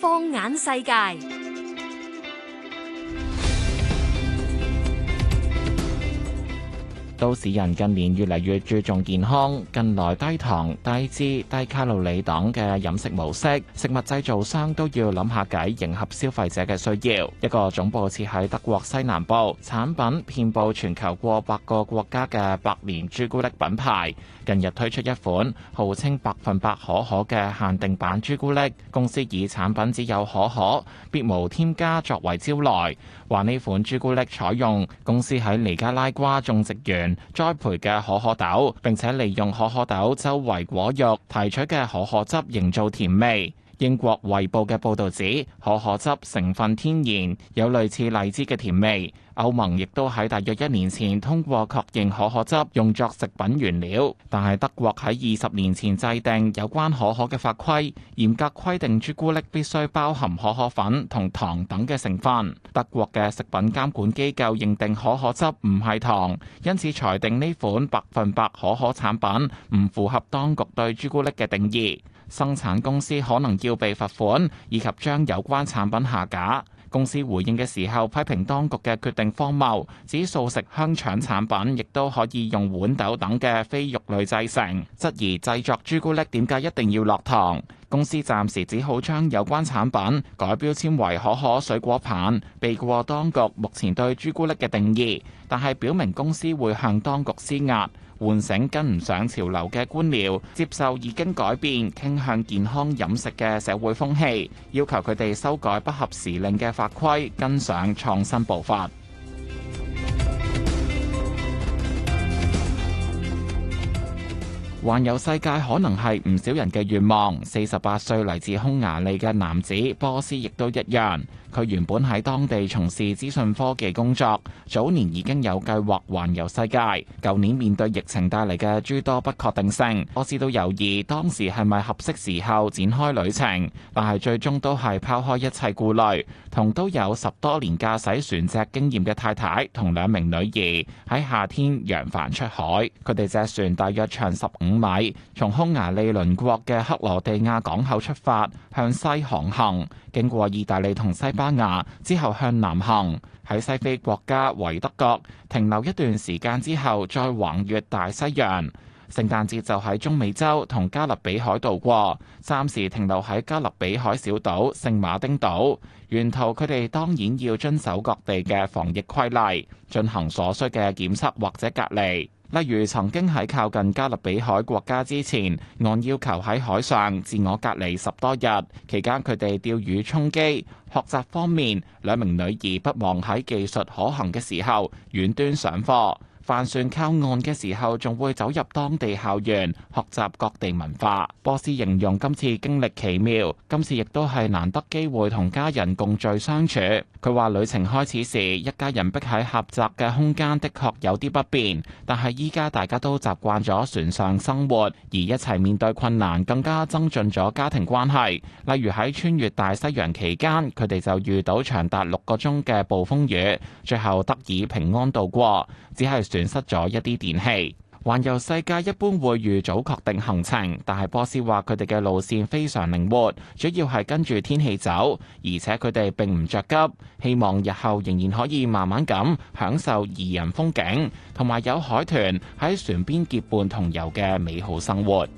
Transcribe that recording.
放眼世界。都市人近年越嚟越注重健康。近來低糖、低脂、低卡路里等嘅飲食模式，食物製造商都要諗下計，迎合消費者嘅需要。一個總部設喺德國西南部、產品遍佈全球過百個國家嘅百年朱古力品牌，近日推出一款號稱百分百可可嘅限定版朱古力。公司以產品只有可可，別無添加作為招徠，話呢款朱古力採用公司喺尼加拉瓜種植園栽培嘅可可豆，並且利用可可豆周圍果肉提取嘅可可汁，營造甜味。英國《衛報》嘅報導指，可可汁成分天然，有類似荔枝嘅甜味。歐盟亦都喺大約一年前通過確認可可汁用作食品原料，但係德國喺二十年前制定有關可可嘅法規，嚴格規定朱古力必須包含可可粉同糖等嘅成分。德國嘅食品監管機構認定可可汁唔係糖，因此裁定呢款百分百可可產品唔符合當局對朱古力嘅定義。生產公司可能要被罰款，以及將有關產品下架。公司回應嘅時候批評當局嘅決定荒謬，指素食香腸產品亦都可以用豌豆等嘅非肉類製成，質疑製作朱古力點解一定要落糖。公司暫時只好將有關產品改標籤為可可水果棒，避過當局目前對朱古力嘅定義，但係表明公司會向當局施壓。喚醒跟唔上潮流嘅官僚，接受已經改變傾向健康飲食嘅社會風氣，要求佢哋修改不合時令嘅法規，跟上創新步伐。環遊世界可能係唔少人嘅願望。四十八歲嚟自匈牙利嘅男子波斯亦都一樣。佢原本喺當地從事資訊科技工作，早年已經有計劃環遊世界。舊年面對疫情帶嚟嘅諸多不確定性，波斯都猶豫當時係咪合適時候展開旅程，但係最終都係拋開一切顧慮，同都有十多年駕駛船隻經驗嘅太太同兩名女兒喺夏天揚帆出海。佢哋隻船大約長十五米，從匈牙利鄰國嘅克羅地亞港口出發，向西航行，經過意大利同西班牙之後向南行，喺西非國家維德國停留一段時間之後，再橫越大西洋。聖誕節就喺中美洲同加勒比海度過，暫時停留喺加勒比海小島聖馬丁島。沿途佢哋當然要遵守各地嘅防疫規例，進行所需嘅檢測或者隔離。例如曾經喺靠近加勒比海國家之前，按要求喺海上自我隔離十多日，期間佢哋釣魚充飢。學習方面，兩名女兒不忘喺技術可行嘅時候遠端上課。帆船靠岸嘅時候，仲會走入當地校園學習各地文化。波斯形容今次經歷奇妙，今次亦都係難得機會同家人共聚相處，佢話旅程開始時一家人逼喺狹窄嘅空間的確有啲不便，但係依家大家都習慣咗船上生活，而一齊面對困難更加增進咗家庭關係，例如喺穿越大西洋期間，佢哋就遇到長達六個鐘嘅暴風雨，最後得以平安度過，只係損失咗一啲電器。環遊世界一般會預早確定行程，但係波斯話佢哋嘅路線非常靈活，主要係跟住天氣走，而且佢哋並唔着急，希望日後仍然可以慢慢咁享受宜人風景，同埋有海豚喺船邊結伴同遊嘅美好生活。